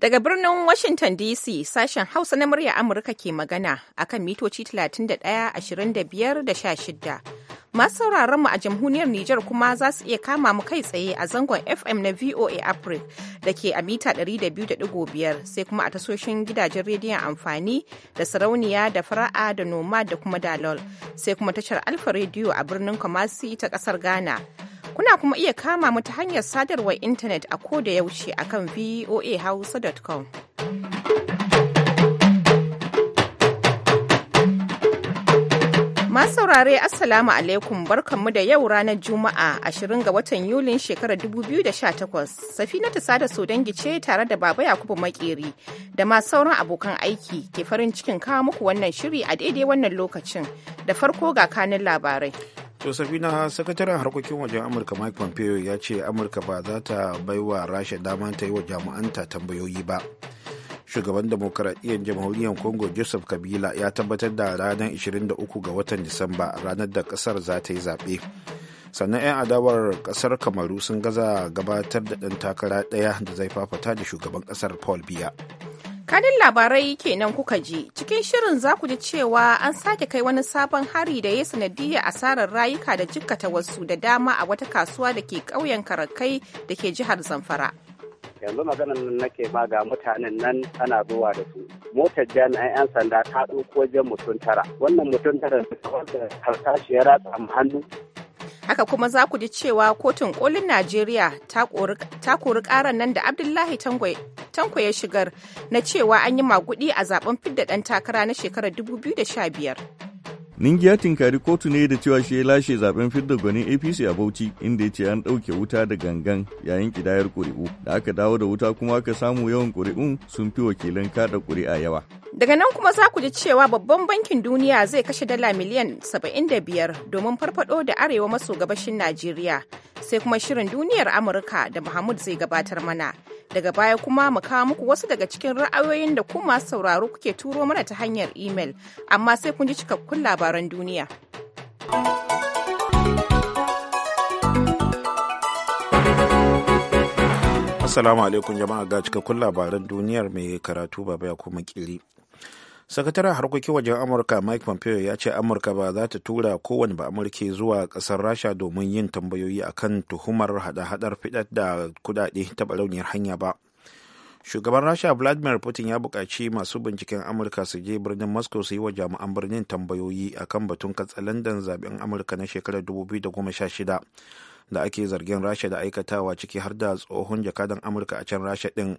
Daga birnin Washington DC sashen Hausa na murya Amurka ke magana akan mitoci 31, 25 da 16. Masu sauraron mu a jamhuriyar Nijar kuma za su iya kama mu kai tsaye a zangon FM na VOA Africa da ke a mita 200.5 sai kuma a tasoshin gidajen rediyon amfani da sarauniya da fara'a da noma da kuma dalol sai kuma tashar Alfa Radio a birnin Kumasi ta kasar Ghana. muna kuma iya kama mu ta hanyar sadarwar intanet a koda yaushe akan voahausa.com. Masu saurare Assalamu alaikum barkanmu da yau ranar Juma'a 20 ga watan Yulin shekarar 2018. ta Sada dangi ce tare da Baba Yakubu Makeri da ma sauran abokan aiki ke farin cikin kawo muku wannan shiri a daidai wannan lokacin. Da farko ga kanin labarai. to na sakataren harkokin wajen amurka mike pompeo ya ce amurka ba za ta bai wa rasha dama ta yi wa jami'anta tambayoyi ba shugaban demokaradiyyar jamhuriyar congo joseph kabila ya tabbatar da ranar 23 ga watan disamba ranar da kasar za ta yi zaɓe sannan 'yan adawar kasar kamaru sun gaza gabatar da ɗan takara ɗaya da zai fafata da shugaban kasar paul biya Kanin labarai kenan kuka ji, cikin shirin za ku ji cewa an sake kai wani sabon hari da ya sanadiyya asarar rayuka da jikkata wasu da dama a wata kasuwa da ke ƙauyen Karakai da ke jihar Zamfara. yanzu maganan nan nake ba ga mutanen nan ana zuwa da su motar jami'an 'yan sanda ta ɗauko wajen mutum tara wannan mutum tara wanda da ya ratsa mu hannu haka kuma za ku ji cewa kotun kolin najeriya ta kori karan nan da abdullahi tanko ya shigar na cewa an yi magudi a zaben fidda ɗan takara na shekarar 2015 ningiya ya tinkari kotu ne da cewa shi ya lashe zaben fidda gwanin APC a Bauchi inda ya ce an ɗauke wuta da gangan yayin kidayar kuri'u Da aka dawo da wuta kuma aka samu yawan kuri'un sun fi wakilan kada ƙuri'a yawa. Daga nan kuma za ku ji cewa babban bankin duniya zai kashe dala miliyan 75 domin farfado da arewa maso gabashin Najeriya. Sai kuma shirin duniyar Amurka da Muhammad zai gabatar mana. Daga baya kuma mu kawo muku wasu daga cikin ra'ayoyin da kuma sauraro kuke turo mana ta hanyar imel, amma sai kun ji cikakkun labaran duniya. Assalamu alaikum jama'a ga cikakkun labaran duniyar mai karatu baba ya kuma kiri. sakataren harkokin wajen amurka mike pompeo ya ce amurka ba za ta tura kowane ba amurke zuwa kasar rasha domin yin tambayoyi akan tuhumar hada-hadar fidar da kudade ta barauniyar hanya ba shugaban rasha vladimir putin ya buƙaci masu binciken amurka su je birnin moscow su yi wa jami'an birnin tambayoyi akan batun katsalandan zaben amurka na shekarar 2016 da ake zargin rasha da aikatawa ciki har da tsohon jakadan amurka a can rasha din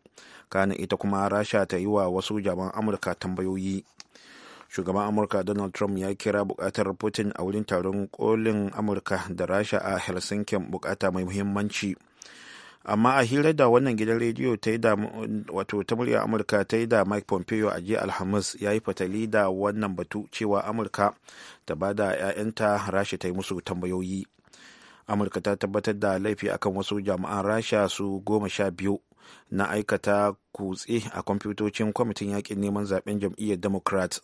kana ita kuma rasha ta yi wa wasu jaman amurka tambayoyi shugaban amurka donald trump ya kira bukatar putin a wurin taron kolin amurka da rasha a helsinki bukata mai muhimmanci amma a hirar da wannan gidan rediyo ta yi da wato ta murya amurka ta yi da mike pompeo a jiya alhamis ya yi fatali da wannan batu cewa amurka ta ba da 'ya'yanta rasha ta yi musu tambayoyi amurka ta tabbatar da laifi akan wasu jami'an rasha su goma sha biyu na aikata kutse a kwamfutocin kwamitin yakin neman zaben jam'iyyar democrat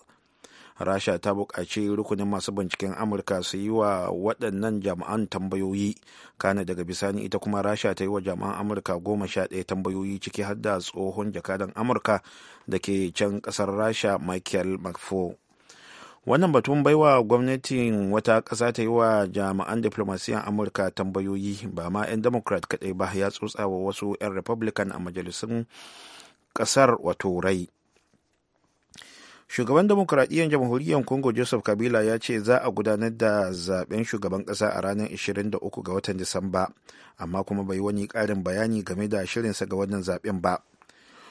rasha ta buƙaci rukunin masu binciken amurka su yi wa waɗannan jami'an tambayoyi kana daga bisani ita kuma rasha ta yi wa jami'an amurka goma sha ɗaya tambayoyi ciki har da tsohon jakadan amurka da ke can ƙasar rasha michael mcfaul wannan batun baiwa gwamnatin wata ƙasa ta yi wa jami'an diplomasiyan amurka tambayoyi ba ma 'yan democrat kadai ba ya tsotsa wa wasu 'yan republican a majalisun ƙasar wato rai shugaban demokuraɗiyyar jamhuriyar congo joseph kabila ya ce za a gudanar da zaben shugaban ƙasa a ranar 23 ga watan disamba amma kuma bai wani ƙarin bayani game da shirinsa ga wannan zaben ba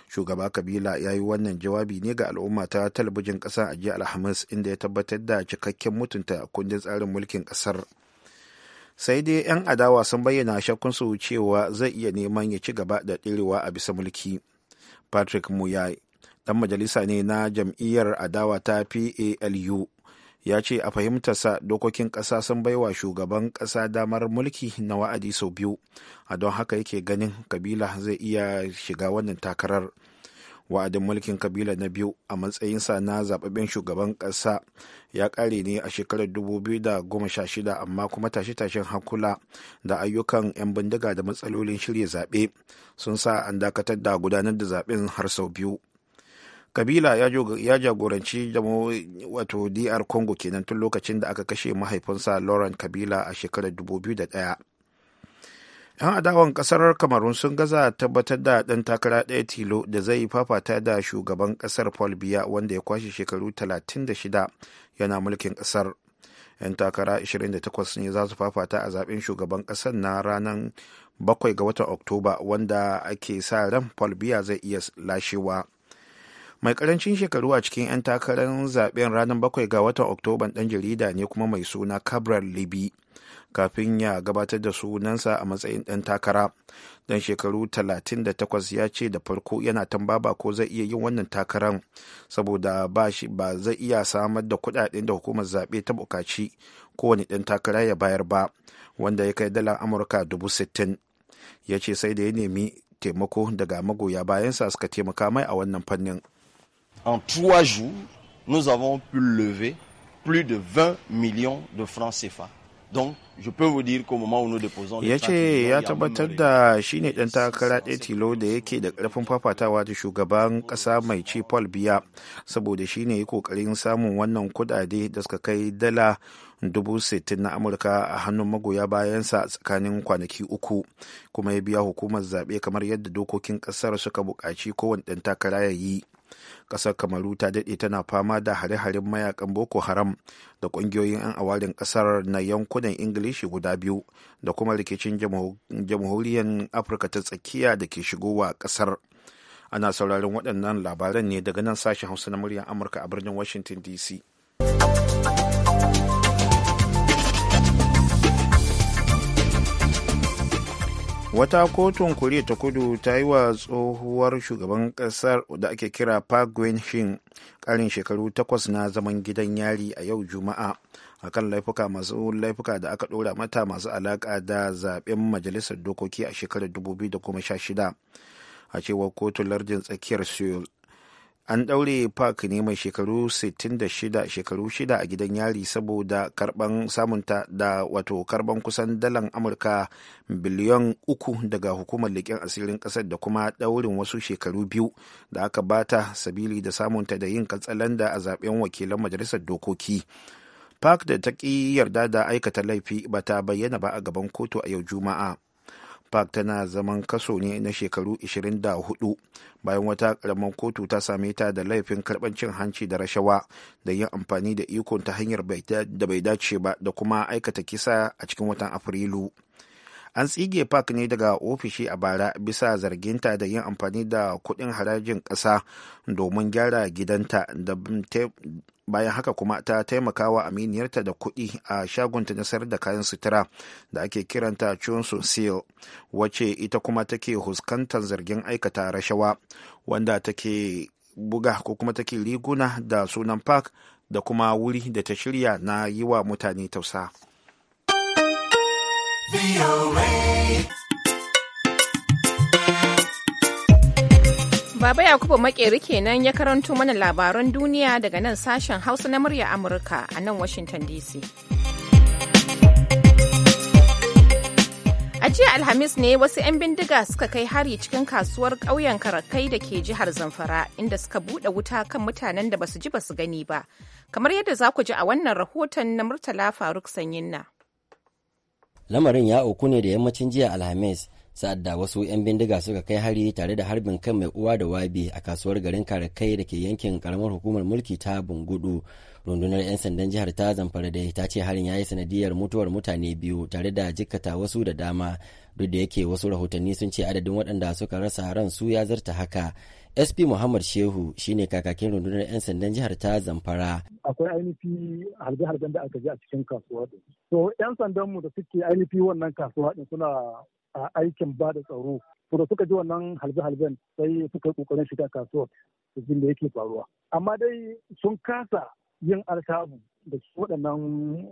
shugaba kabila ya yi wannan jawabi ne ga al'umma ta talabijin ƙasa a jiya alhamis inda ya tabbatar da cikakken mutunta kundin tsarin mulkin ƙasar sai dai 'yan adawa sun bayyana shakkunsu cewa zai iya neman ya ci gaba da ɗirewa a bisa mulki patrick muyai dan majalisa ne na jam'iyyar adawa ta palu ya ce a fahimtarsa dokokin ƙasa sun baiwa shugaban ƙasa damar mulki na wa'adi sau biyu a don haka yake ganin kabila zai iya shiga wannan takarar wa'adin mulkin kabila na biyu a matsayinsa na zababben shugaban ƙasa ya kare ne a shekarar 2016 amma kuma tashe-tashen hankula da ayyukan 'yan bindiga da matsalolin shirya zaɓe sun sa an dakatar da gudanar da zaɓen har sau biyu kabila ya jagoranci wato dr congo kenan tun lokacin da aka kashe mahaifinsa laurent kabila a shekarar 2001 'yan adawan kasar kamarun sun gaza tabbatar da ɗan takara ɗaya tilo da zai fafata da shugaban kasar paul biya wanda ya kwashe shekaru 36 yana mulkin kasar 'yan takara 28 ne za su fafata a zaben shugaban kasar na ranar 7 ga watan oktoba wanda ake sa ran paul biya zai iya lashewa mai karancin shekaru a cikin 'yan takarar zaben ranar bakwai ga watan oktoban dan jarida ne kuma mai suna cabral libi kafin ya gabatar da sunansa a matsayin dan takara dan shekaru 38 ya ce da farko yana tambaba ko zai iya yin wannan takarar saboda ba shi ba zai iya samar da kudaden da hukumar zaɓe ta bukaci kowane ɗan takara ya bayar ba wanda ya kai dalar amurka dubu sittin ya ce sai da ya nemi taimako daga magoya bayansa suka taimaka mai a wannan fannin en trois jours, nous avons pu lever plus de 20 millions de francs CFA. Donc, je peux vous dire qu'au moment où nous déposons ya ce ya tabbatar da shi ne ɗan takara ɗaya tilo da yake da ƙarfin fafatawa da shugaban ƙasa mai ci paul biya saboda shi ne ƙoƙarin samun wannan kuɗaɗe da suka kai dala dubu sittin na amurka a hannun magoya bayansa tsakanin kwanaki uku kuma ya biya hukumar zaɓe kamar yadda dokokin ƙasar suka buƙaci kowane ɗan takara ya yi kasar kamaru ta daɗe tana fama da hare-haren mayakan boko haram da ƙungiyoyin 'yan awarin ƙasar na yankunan ingilishi guda biyu da kuma rikicin jamhuriyar afirka ta tsakiya da ke shigowa ƙasar ana sauraron waɗannan labaran ne daga nan sashen hausa na muryar amurka a birnin washington dc wata kotun koriya ta kudu ta yi wa tsohuwar shugaban kasar da ake kira park gwen shin karin shekaru takwas na zaman gidan yari a yau juma'a a kan laifuka masu laifuka da aka dora mata masu alaka da zaben majalisar dokoki a shekarar 2016 a cewar kotun lardin tsakiyar seoul an ɗaure park ne mai shekaru 66 shekaru shida a gidan yari saboda karban samunta da wato karban kusan dalan amurka biliyon uku daga hukumar leƙen asirin ƙasar da kuma ɗaurin wasu shekaru biyu da aka bata sabili da samunta da yin katsalanda a zaben wakilan majalisar dokoki park da ta ƙi yarda da aikata laifi ba ta bayyana ba a gaban kotu a yau juma'a park tana zaman kaso ne na shekaru 24 bayan wata karamar kotu ta same ta da laifin karɓar cin hanci da rashawa da yin amfani da ikon ta hanyar da bai dace ba da kuma aikata kisa a cikin watan afrilu an tsige park ne daga ofishi a bara bisa zarginta da yin amfani da kuɗin harajin ƙasa domin gyara gidanta da bayan haka kuma ta taimakawa aminiyarta da kuɗi a shagonta na sayar da kayan sutura da ake kiranta chunsu seal wacce ita kuma take huskantar zargin aikata rashawa wanda take buga ko kuma take riguna da sunan park da kuma wuri da ta shirya na yi wa mutane tausa. Baba Yakubu Makeri kenan ya karanto mana labaran duniya daga nan sashen Hausa na murya Amurka a nan Washington DC. A jiya Alhamis ne wasu 'yan bindiga suka kai hari cikin kasuwar ƙauyen Karakai da ke jihar Zamfara inda suka buɗe wuta kan mutanen da basu ji basu gani ba, kamar yadda za ku ji a wannan rahoton na Murtala Faruk Sanyinna. lamarin ya auku ne da yammacin jiya alhamis sa'ad da wasu 'yan bindiga suka kai hari tare da harbin kan mai uwa da wabi a kasuwar garin karakai da ke yankin karamar hukumar mulki ta bungudu rundunar 'yan sandan jihar ta zamfara da ta ce harin ya yi sanadiyar mutuwar mutane biyu tare da jikkata wasu da dama duk da yake wasu rahotanni sun ce adadin waɗanda suka rasa ran su ya zarta haka sp muhammad shehu shine kakakin rundunar 'yan sandan jihar ta zamfara akwai ainihi harbe-harben da aka ji a cikin kasuwa din so 'yan sandanmu da suke ainihi wannan kasuwa din suna a aikin ba da tsaro to da suka ji wannan halbe-halben sai suka yi kokarin shiga kasuwar da yake faruwa amma dai sun kasa yin alkabu da waɗannan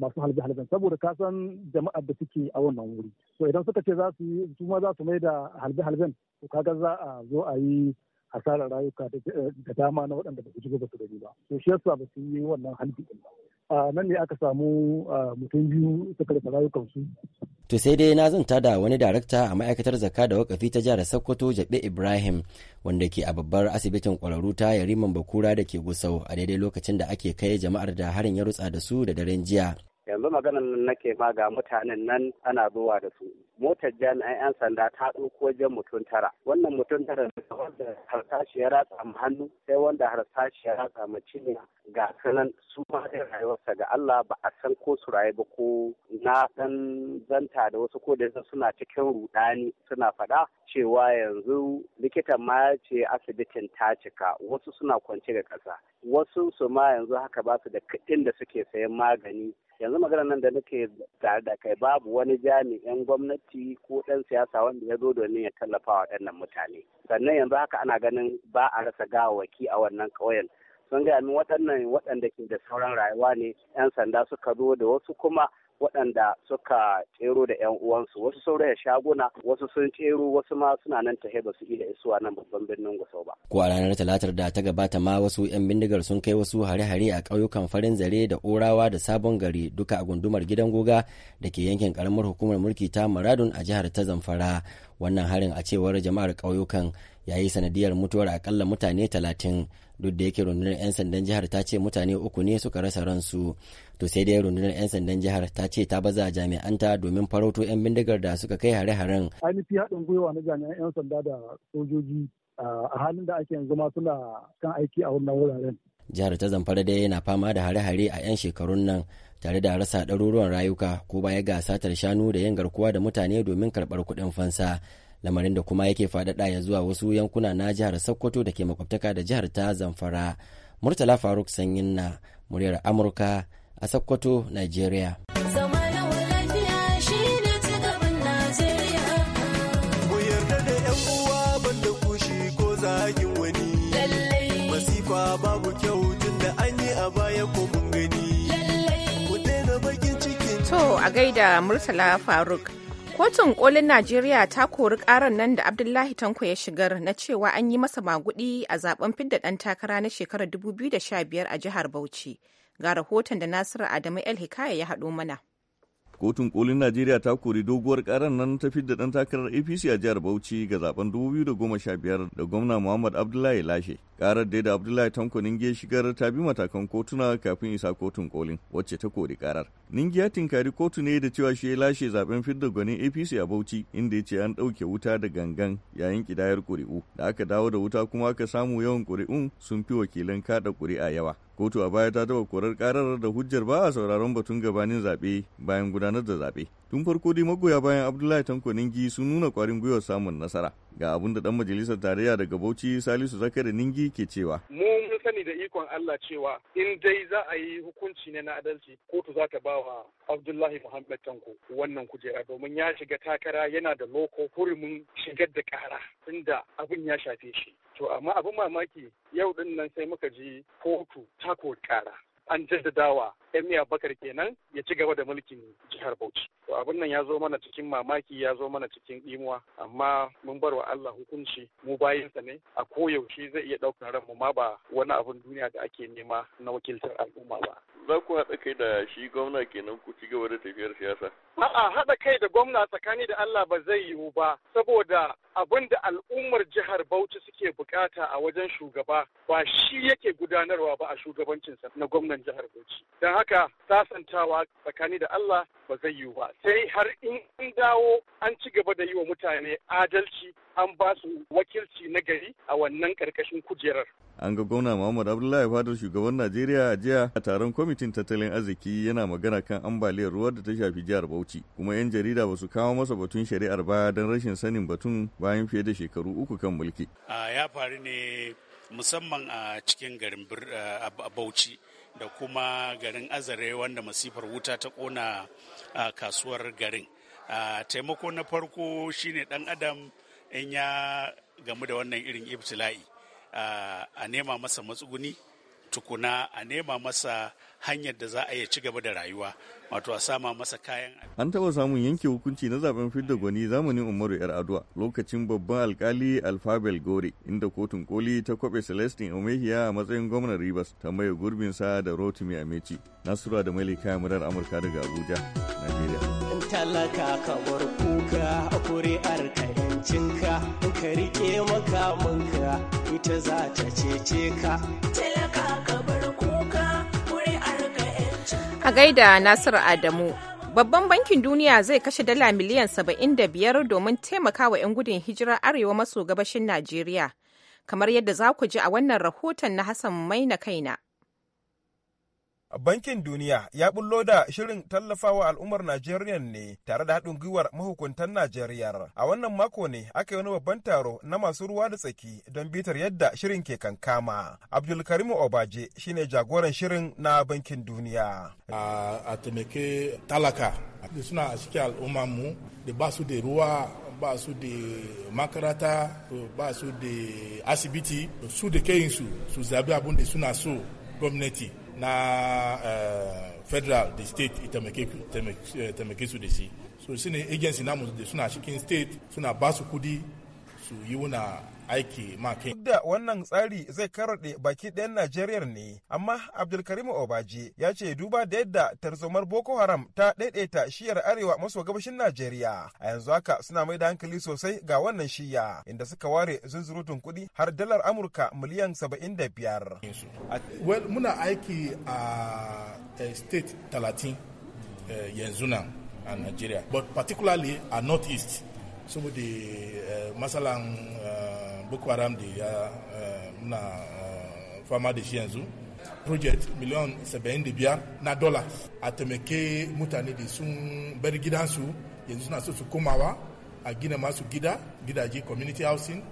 masu halbe halben saboda ka san jama'ar da suke a wannan wuri to idan suka ce za su yi su ma za su mai da halbe halben to kaga za a zo a yi asarar rayuka eh, da dama na waɗanda ba su ji ba su gani ba to shi yasa ba su yi wannan halbi din ba nan ne aka samu mutum biyu suka rasa rayukansu to sai dai na zanta da wani darakta a ma'aikatar zakka da wakafi ta jihar sokoto jabe ibrahim wanda ke a babbar asibitin kwararru ta yariman bakura da ke gusau a daidai lokacin da ake kai jama'ar da harin ya rutsa da su da daren jiya yanzu maganan nan nake ma ga mutanen nan ana zuwa da su motar jami'an 'yan sanda ta ɗauko wajen mutum tara wannan mutum tara wanda harsashi ya ratsa mu hannu sai wanda harsashi ya ratsa mu cinya ga sanan su ma da rayuwarsa ga Allah ba a san ko su rayu ba ko na dan zanta da wasu ko da suna cikin rudani suna faɗa cewa yanzu likitan ma ya ce asibitin ta cika wasu suna kwance ga ƙasa wasu su ma yanzu haka ba su da kuɗin da suke sayan magani yanzu magana nan da nake tare da kai babu wani jami'in gwamnati ko ɗan siyasa wanda ya zo domin ya tallafa wa waɗannan mutane sannan yanzu haka ana ganin ba a rasa gawaki a wannan ƙauyen sun gaya min waɗannan waɗanda ke da sauran rayuwa ne 'yan sanda suka zo da wasu kuma waɗanda suka tsero da 'yan uwansu wasu sauraya shaguna wasu sun tsero wasu ma suna nan tahe ba su iya isuwa nan babban birnin gusau ba. ko a ranar talatar da ta gabata ma wasu 'yan bindigar sun kai wasu hare-hare a ƙauyukan farin zare da orawa da sabon gari duka a gundumar gidan goga da ke yankin ƙaramar hukumar mulki ta maradun a jihar ta zamfara wannan harin a cewar jama'ar ƙauyukan ya yi sanadiyar mutuwar akalla mutane talatin duk da yake rundunar 'yan sandan jihar ta ce mutane uku ne suka rasa ransu to sai dai rundunar 'yan sandan jihar ta ce ta baza jami'anta domin farauto 'yan bindigar da suka kai hare-haren ainihi haɗin gwiwa na jami'an 'yan sanda da sojoji a halin da ake yanzu ma suna kan aiki a wannan wuraren jihar ta zamfara dai yana fama da hare-hare a 'yan shekarun nan tare da rasa ɗaruruwan rayuka ko baya ga satar shanu da yin garkuwa da mutane domin karɓar kuɗin fansa lamarin da kuma yake faɗaɗa ya zuwa wasu yankuna na jihar sokoto da ke makwabtaka da jihar ta zamfara murtala faruk sanyin na muryar amurka a sokoto nigeria a gaida Murtala Faruk. Kotun kolin Najeriya ta kori karar nan da Abdullahi Tanko ya shigar na cewa an yi masa magudi a zaben fidda ɗan takara na shekarar 2015 a jihar Bauchi. Ga rahoton da Nasiru Adamu El Hikaya ya haɗo mana. Kotun kolin Najeriya ta kori doguwar karar nan ta fidda dan takarar APC a jihar Bauchi ga zaben 2015 da gwamna Muhammad Abdullahi lashe. Karar da Abdullahi Tanko Ninge shigar ta bi matakan kotuna kafin isa kotun kolin wacce ta kori karar. Ningiya tinkari kotu ne da cewa shi ya lashe zaben fidda gwanin APC a Bauchi inda ya ce an dauke wuta da gangan yayin kidayar kuri'u. Da aka dawo da wuta kuma aka samu yawan kuri'un sun fi wakilan kada kuri'a yawa. kotu a baya ta taba korar karar da hujjar ba a sauraron batun gabanin zaɓe bayan gudanar da zaɓe tun farko dai magoya bayan abdullahi tanko ningi sun nuna kwarin gwiwar samun nasara ga abin da dan majalisar tarayya daga Bauchi Salisu Zakari Ningi ke cewa. Mu mun sani da ikon Allah cewa in dai za a yi hukunci ne na adalci kotu za ta bawa Abdullahi Muhammad Tanko wannan kujera domin ya shiga takara yana da loko hurumin shigar da kara inda abin ya shafe shi. To amma abin mamaki yau din nan sai muka ji kotu ta kori kara. An jaddadawa Emir Bakar kenan ya ci gaba da mulkin jihar Bauchi. To abin nan ya zo mana cikin mamaki ya zo mana cikin ɗimuwa amma mun bar wa Allah hukunci mu bayansa ne a koyaushe zai iya ɗaukar ranmu ma ba wani abin duniya da ake nema na wakiltar al'umma ba. Za ku haɗa kai da shi gwamna kenan ku ci gaba da tafiyar siyasa? A'a haɗa kai da gwamna tsakani da Allah ba zai yiwu ba saboda abin da al'ummar jihar Bauchi suke bukata a wajen shugaba ba shi yake gudanarwa ba a shugabancinsa na gwamnan jihar Bauchi. Don haka haka sasantawa tsakani da Allah ba zai yiwu ba sai har in dawo an ci gaba da yi wa mutane adalci an ba su wakilci na gari a wannan karkashin kujerar. An ga gwamna Muhammad Abdullahi fadar shugaban Najeriya a jiya a taron kwamitin tattalin arziki yana magana kan ambaliyar ruwa da ta shafi jihar Bauchi kuma 'yan jarida ba su kawo masa batun shari'ar ba don rashin sanin batun bayan fiye da shekaru uku kan mulki. ya faru ne musamman a cikin garin Bauchi. da kuma garin azare wanda masifar wuta ta kona kasuwar garin taimako na farko shine dan adam in ya gamu da wannan irin ibtila'i a nema masa matsuguni tukuna a nema masa hanyar da za a iya ci gaba da rayuwa wato a sama masa kayan an taba samun yanke hukunci na zaben fidda gwani zamanin umaru yar aduwa lokacin babban alkali alfabel gore inda kotun koli ta kwabe celestin omehiya a matsayin gwamnan rivers ta maye gurbin sa da rotimi amechi nasura da kayan murar amurka daga abuja nigeria talaka ka bar kuka a kuri'ar ka yancinka ka rike makamanka ita za ta cece ka gaida Nasiru Adamu. Babban bankin duniya zai kashe dala miliyan 75 domin taimaka wa 'yan gudun hijirar arewa maso gabashin Najeriya. Kamar yadda za ku ji a wannan rahoton na Hassan Maina kaina. Bankin Duniya ya bullo da shirin tallafawa al'ummar Najeriya ne tare da haɗin gwiwar mahukuntan Najeriya. A wannan mako ne aka yi wani babban taro na masu ruwa da tsaki don bitar yadda shirin ke kankama. Abdulkarimu Obaje shine jagoran shirin na Bankin Duniya. A taimake talaka suna a cikin al'ummar mu da ba su da ruwa ba su da makarata ba su da asibiti su da kayinsu su zabi abin da suna so gwamnati na eh, federal the state taimake su da si so shine agency namu da suna cikin state suna basu kudi su yi wuna aiki ma kai. Duk da wannan tsari zai karaɗe baki ɗayan Najeriya ne, amma Abdulkarim Obaje ya ce duba da yadda tarzomar Boko Haram ta ɗaiɗaita shiyar arewa maso gabashin Najeriya. A yanzu haka suna mai da hankali sosai ga wannan shiya inda suka ware zunzurutun kuɗi har dalar Amurka miliyan saba'in da biyar. muna aiki a uh, uh, state talatin eh, yanzu nan a Najeriya, but particularly a North East. saboda eh, matsalan eh, boko haram da ya eh, na fama da shi yanzu project miliyan 75 na dola a taimake mutane da sun bar gidansu yanzu suna so su komawa a gina masu gida gidaje community housing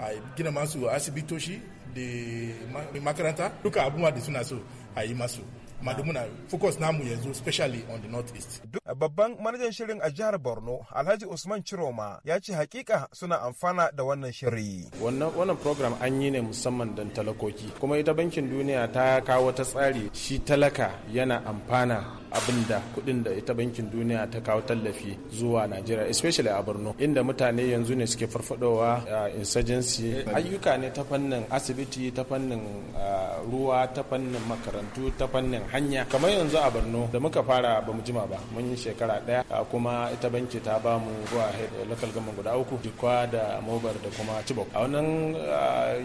a gina masu asibitoshi da makaranta duka abubuwa da suna so a yi masu madumuna focus namu yanzu specially on the northeast. Babban manajan shirin a jihar Borno Alhaji Usman Chiroma ya ce hakika suna amfana da wannan shiri. Wannan program an yi ne musamman don talakoki kuma ita bankin duniya ta kawo ta tsari shi talaka yana amfana abin da kuɗin da ita bankin duniya ta kawo tallafi zuwa Najeriya especially a Borno inda mutane yanzu ne suke farfadowa a uh, insurgency ayyuka ne ta fannin asibiti ta fannin uh, ruwa ta fannin makarantu ta fannin hanya kamar yanzu a Borno da muka fara ba mu jima ba mun yi shekara ɗaya uh, kuma ita banki ta ba mu zuwa local government guda uku Jikwa da Mobar da kuma Chibok a wannan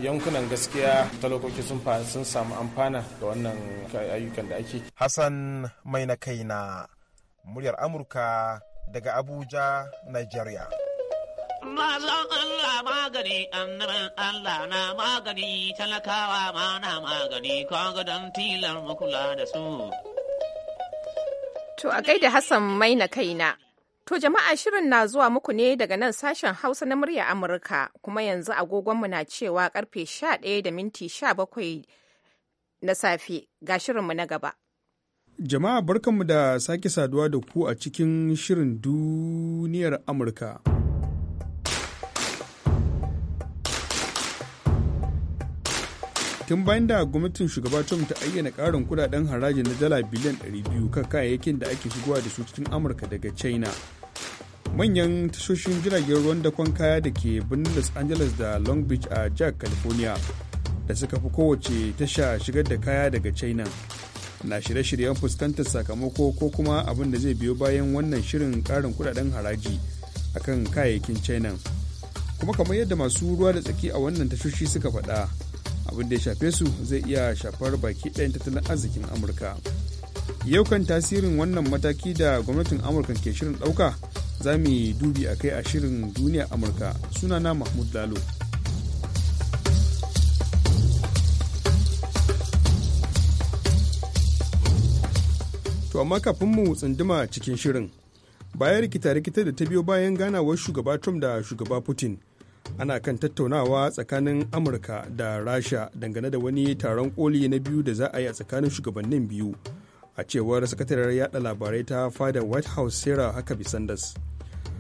yankunan gaskiya talakoki sun samu amfana da wannan ayyukan da ake Hassan mai kaina muryar amurka daga abuja nigeria Mazan Allah magani, annaban Allah na magani, talakawa ma na magani, don tilar makula da su. To a gaida Hassan maina kaina. To jama'a shirin na zuwa muku ne daga nan sashen Hausa na murya Amurka kuma yanzu agogonmu na cewa karfe 11 da minti 17 na safe ga shirinmu na gaba. Jama'a barkanmu da sake saduwa da ku a cikin shirin duniyar Amurka. Tun bayan da gwamnatin shugaba Trump ta ayyana ƙarin kudaden haraji na dala biliyan 200 kan kayayyakin da ake shigowa da su cikin Amurka daga China. Manyan tashoshin jiragen ruwan dakon kaya da ke birnin Los Angeles da Long Beach a jihar California da suka fi kowace tasha shigar da kaya daga China. na shirye-shiryen fuskantar sakamako ko kuma abin da zai biyo bayan wannan shirin karin kudaden haraji akan kayayyakin china kuma kamar yadda masu ruwa da tsaki a wannan tashoshi suka faɗa abin da ya shafe su zai iya shafar baki ɗayan tattalin arzikin amurka yau kan tasirin wannan mataki da gwamnatin amurka ke shirin ɗauka za mu yi dubi a kai a shirin duniya amurka sunana mahmud lalo amma kafin mu tsunduma cikin shirin. Bayan rikita-rikita da ta biyo bayan ganawar shugaba Trump da shugaba Putin, ana kan tattaunawa tsakanin Amurka da Rasha dangane da wani taron koli na biyu da za a yi a tsakanin shugabannin biyu. A cewar sakataren yada labarai ta fada White House Sarah Huckabee Sanders.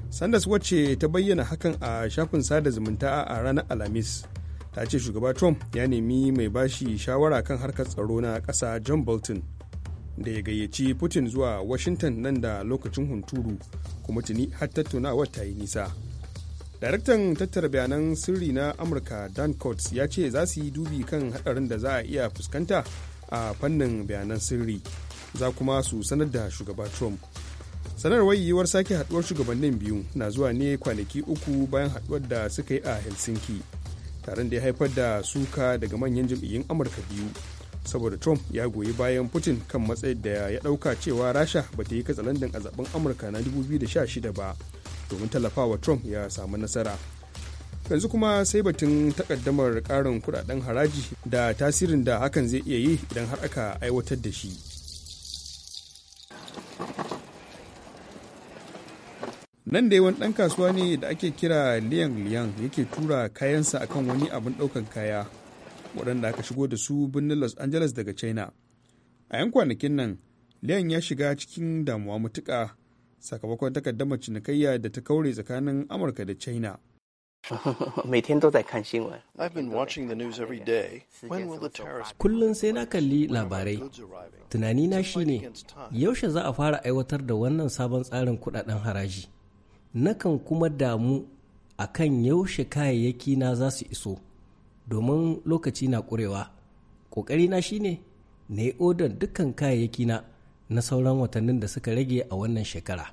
Sanders wacce ta bayyana hakan a shafin sada zumunta a ranar Alhamis. Ta ce shugaba Trump ya nemi mai bashi shawara kan harkar tsaro na ƙasa John Bolton. da ya gayyaci putin zuwa washington nan da lokacin hunturu kuma tuni har tattaunawar ta yi nisa daraktan tattara bayanan sirri na amurka dan coats ya ce za su yi dubi kan hadarin da za a iya fuskanta a fannin bayanan sirri za kuma su sanar da shugaba trump sanarwar yiwuwar sake haduwar shugabannin biyu na zuwa ne kwanaki uku bayan haduwar da suka yi a helsinki taron da ya haifar da suka daga manyan jam'iyyun amurka biyu saboda trump ya goyi bayan putin kan matsayin da ya ɗauka cewa rasha ba ta yi katsalandan a zaben amurka na 2016 ba domin tallafawa trump ya samu nasara yanzu kuma sai batun takaddamar karin kudaden haraji da tasirin da hakan zai iya yi idan har aka aiwatar da shi nan da yawan dan kasuwa ne da ake kira liang liang yake tura kayansa akan wani abin daukan kaya waɗanda aka shigo da su birnin los angeles daga china a 'yan kwanakin nan leon ya shiga cikin damuwa matuƙa sakamakon takaddamar cinikayya da ta kaure tsakanin amurka da china Kullum sai na kalli labarai. Tunani na shine yaushe za a fara aiwatar da wannan sabon tsarin kudaden haraji. Nakan kuma damu a kan yaushe kayayyaki na za su iso. domin lokaci na ƙurewa na shine na yi odan dukkan kayayyaki na na sauran watannin da suka rage a wannan shekara.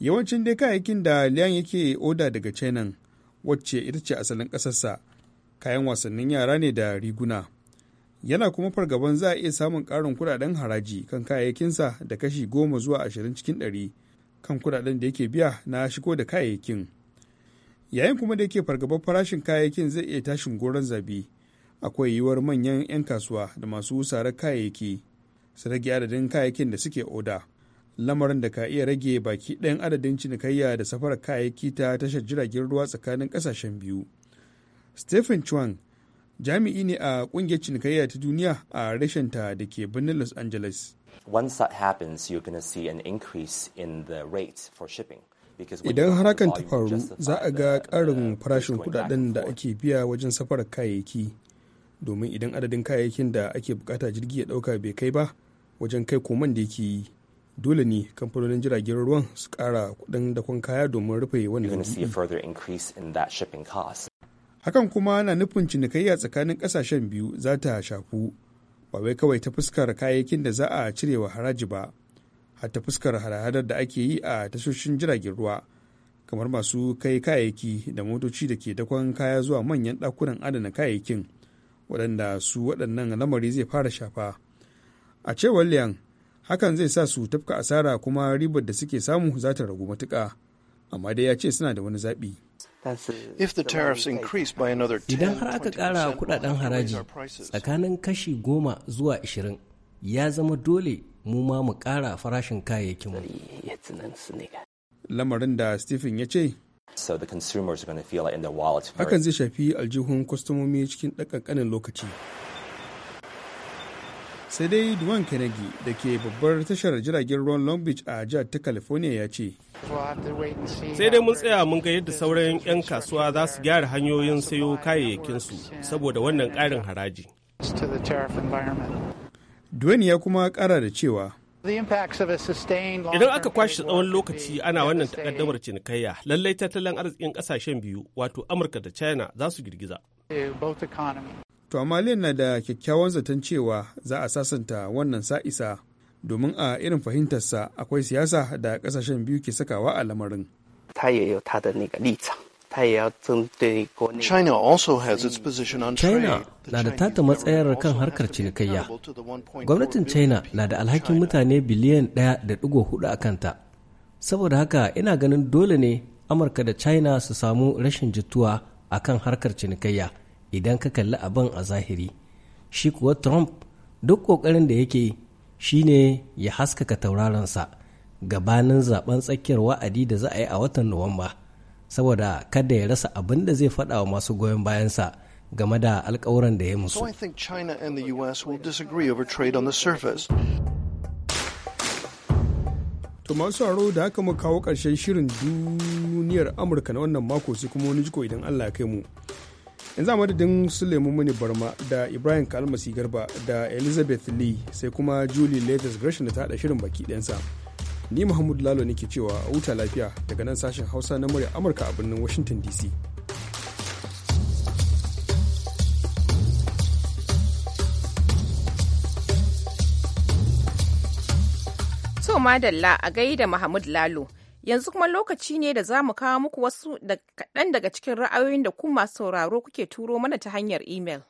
Yawancin dai kayayyakin da Liyan yake oda daga China wacce ita ce asalin ƙasarsa kayan wasannin yara ne da riguna. Yana kuma fargaban za a iya samun ƙarin kudaden haraji kan kayayyakinsa da kashi goma zuwa ashirin cikin ɗari kan kudaden da yake biya na shigo da kayayyakin. yayin kuma da yake fargabar farashin kayayyakin zai iya tashin goron zabi akwai yiwuwar manyan 'yan kasuwa da masu sarar kayayyaki su rage adadin kayayyakin da suke oda lamarin da ka iya rage baki ɗayan adadin cinikayya da safarar kayayyaki ta tashar jiragen ruwa tsakanin ƙasashen biyu stephen chuan jami'i ne a ƙungiyar cinikayya ta duniya a rashenta da ke birnin los angeles Once that happens, you're going to see an increase in the rate for shipping. idan harakan ta faru za a ga karin farashin kudaden da ake biya wajen safarar kayayyaki domin idan adadin kayayyakin da ake bukata jirgi ya ɗauka bai kai ba wajen kai koman da yake yi dole ne kamfanonin jiragen ruwan su ƙara kuɗin dakon kaya domin rufe wannan hakan kuma na nufin cinikayya tsakanin ƙasashen biyu za ta shafu ba wai kawai ta fuskar kayayyakin da za a cire wa haraji ba hatta fuskar hada da ake yi a tashoshin jiragen ruwa kamar masu kai kayayyaki da motoci da ke dakon kaya zuwa manyan ɗakunan adana kayayyakin waɗanda su waɗannan lamari zai fara shafa a cewar liyan hakan zai sa su tafka asara kuma ribar da suke samu za ta ragu matuƙa amma dai ya ce suna da wani zaɓi idan har aka ƙara kuɗaɗen haraji tsakanin kashi goma zuwa ashirin ya zama dole mu ma mu ƙara farashin kayayyakin mu. Lamarin da Stephen ya ce, Hakan zai shafi aljihun kwastomomi cikin ɗaƙaƙanin lokaci. Sai dai Duwan Kennedy da ke babbar tashar jiragen ruwan Long Beach a jihar ta California ya ce, Sai dai mun tsaya mun ga yadda sauran 'yan kasuwa za su gyara hanyoyin sayo kayayyakinsu saboda wannan ƙarin haraji. To the Duane ya kuma kara da cewa Idan aka kwashe tsawon lokaci ana wannan takaddamar cinikayya, lallai tattalin arzikin ƙasashen biyu, wato Amurka da China za su girgiza. To amma na da kyakkyawan zaton cewa za a sasanta wannan sa'isa domin a irin fahimtarsa akwai siyasa da ƙasashen biyu ke sakawa a lamarin. ta ta da 他也有他的那个立场。China has its na da tata matsayar kan harkar cinikayya. Gwamnatin China na da alhakin mutane biliyan ɗaya da ɗigo hudu a kanta. Saboda haka ina ganin dole ne Amurka da China su samu rashin jituwa a kan harkar cinikayya idan ka kalli abin a zahiri. Shi kuwa Trump duk ƙoƙarin da yake shi ne ya haskaka tauraronsa gabanin zaben tsakiyar wa'adi da za a yi a watan Nuwamba. saboda kada ya rasa abin da zai faɗa wa masu goyon bayansa game da alkawuran da ya musu. To masu sauraro da haka mu kawo ƙarshen shirin duniyar Amurka na wannan mako sai kuma wani jiko idan Allah ya kai mu. Yanzu a madadin Suleiman Muni Barma da Ibrahim Kalmasi Garba da Elizabeth Lee sai kuma Julie Leathers Gresham da ta haɗa shirin baki ɗansa. ni Muhammadu Lalo ne ke cewa a wuta lafiya daga nan sashen Hausa na murya Amurka a birnin Washington DC. To madalla a gaida Muhammadu Lalo. Yanzu kuma lokaci ne da za mu kawo muku wasu kaɗan daga cikin ra'ayoyin da kuma sauraro kuke turo mana ta hanyar imel.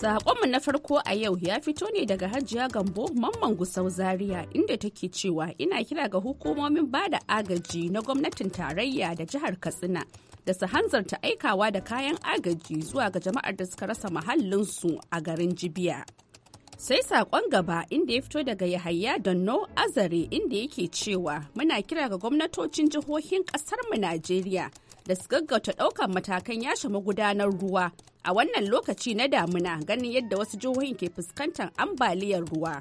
Sakonmu na farko a yau ya fito ne daga Hajiya Gambo Mamman Gusau Zaria inda take cewa ina kira ga hukumomin bada agaji na gwamnatin tarayya da jihar Katsina da su hanzarta aikawa da kayan agaji zuwa ga jama'ar da suka rasa mahallinsu a garin Jibiya. Sai sakon gaba inda ya fito daga Yahaya Danno Azare inda yake cewa muna kira ga gwamnatocin jihohin ƙasarmu Najeriya da su gaggauta ɗaukar matakan yashe magudanar ruwa a wannan lokaci na damuna ganin yadda wasu jihohin ke fuskantar ambaliyar ruwa.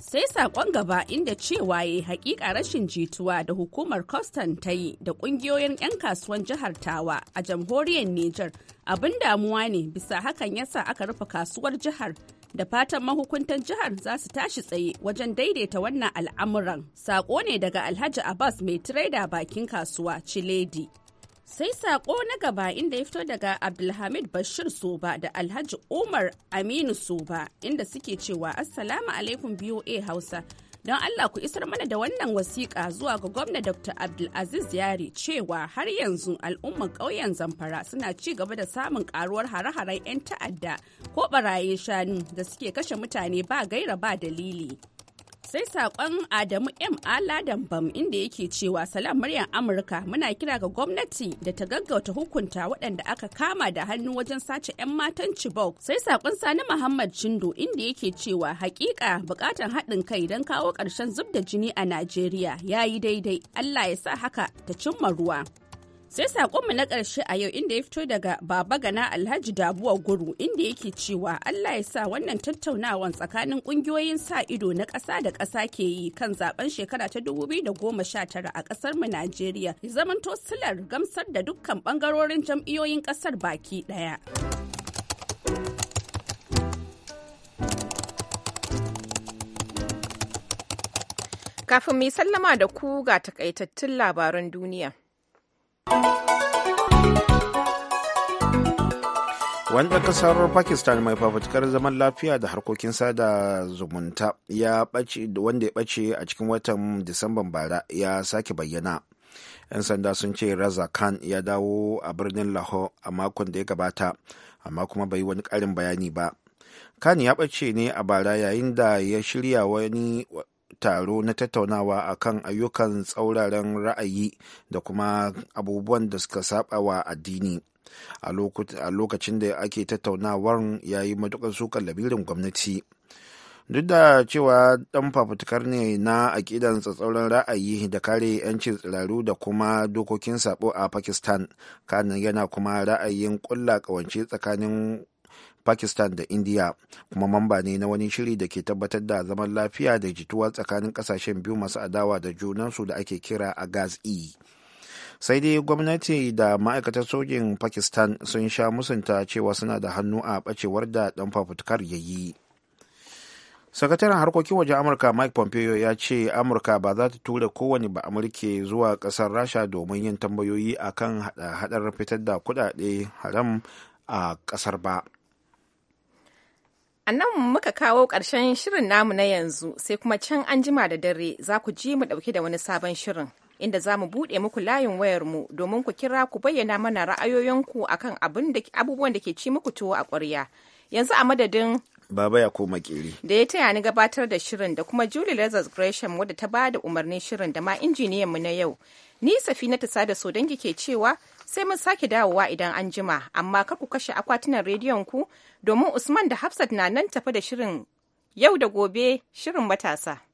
Sai sakon gaba inda cewa ya yi hakika rashin jituwa da hukumar Costan ta yi da kungiyoyin 'yan kasuwan jihar Tawa a jamhuriyar Nijar abin damuwa ne bisa hakan yasa aka rufe kasuwar jihar da fatan mahukuntan jihar za su tashi tsaye wajen daidaita wannan al'amuran. Sako ne daga Alhaji Abbas mai tireda bakin kasuwa Ciledi. sai sako na gaba inda ya fito daga abdulhamid bashir soba da alhaji umar aminu soba inda suke cewa assalamu alaikum boa hausa don allah ku isar mana da wannan wasiƙa zuwa ga gwamna dr abdulaziz yari cewa har yanzu al'ummar ƙauyen zamfara suna ci gaba da samun ƙaruwar hare-haren 'yan ta'adda ko barayin shanu da suke kashe mutane ba gaira ba dalili sai sakon adamu m aladan bam inda yake cewa salam muryar amurka muna kira ga gwamnati da ta gaggauta hukunta waɗanda aka kama da hannu wajen sace 'yan matan chibok sai sakon sani muhammad chindo inda yake cewa hakika bukatan haɗin kai don kawo ƙarshen zub da jini a najeriya ya yi daidai allah ya sa haka ta cimma ruwa Sai saƙonmu na ƙarshe a yau inda ya fito daga Baba Gana Alhaji Dabuwa Guru inda yake cewa Allah ya sa wannan tattaunawan tsakanin ƙungiyoyin sa ido na ƙasa da ƙasa ke yi kan zaben shekara ta dubu biyu da goma sha tara a ƙasar mu Najeriya ya zamanto silar gamsar da dukkan ɓangarorin jam'iyoyin ƙasar baki ɗaya. Kafin mai sallama da ku ga takaitattun labaran duniya. wani ɗan pakistan mai fafutukar zaman lafiya da harkokin sada zumunta ya wanda ya bace a cikin watan disamban bara ya sake bayyana 'yan sanda sun ce raza khan ya dawo a birnin lahore a makon da ya gabata amma kuma bai wani karin bayani ba khan ya bace ne a bara yayin da ya shirya wani taro na tattaunawa a kan ayyukan tsauraran ra'ayi da kuma abubuwan da suka saba wa addini a lokacin da ake tattaunawar ya yi matukar sukan labirin gwamnati duk da cewa dan fafutukar ne na akidan tsatsauran ra'ayi da kare 'yancin tsiraru da kuma dokokin sabo a pakistan kanin yana kuma ra'ayin kulla kawance tsakanin pakistan da india kuma mamba ne na wani shiri da ke tabbatar da zaman lafiya da jituwa tsakanin kasashen biyu masu adawa da junansu da ake kira a gas e sai dai gwamnati da ma'aikatar sojin pakistan sun sha musunta cewa suna da hannu a bacewar da dan fafutukar ya yi sakataren harkokin wajen amurka mike pompeo ya ce amurka ba za ta tura kowane ba amurke zuwa kasar rasha domin yin tambayoyi a kan hadar fitar da kudade haram a kasar ba a nan muka kawo ƙarshen shirin namu na yanzu sai kuma can an jima da dare za ku ji mu ɗauke da wani sabon shirin inda za mu buɗe muku layin wayarmu domin ku kira ku bayyana mana ra'ayoyinku akan abubuwan da ke ci muku tuwo a ƙwarya. Yanzu a madadin Baba ya koma kiri. Da ya taya ni gabatar da shirin da kuma Julie Lazarus Gresham wadda ta ba da umarnin shirin da ma injiniyan mu na yau. Ni Safina ta sada dangi ke cewa sai mun sake dawowa idan an jima amma kar ku kashe akwatunan rediyon ku domin usman da hafsat na nan tafa da shirin yau da gobe shirin matasa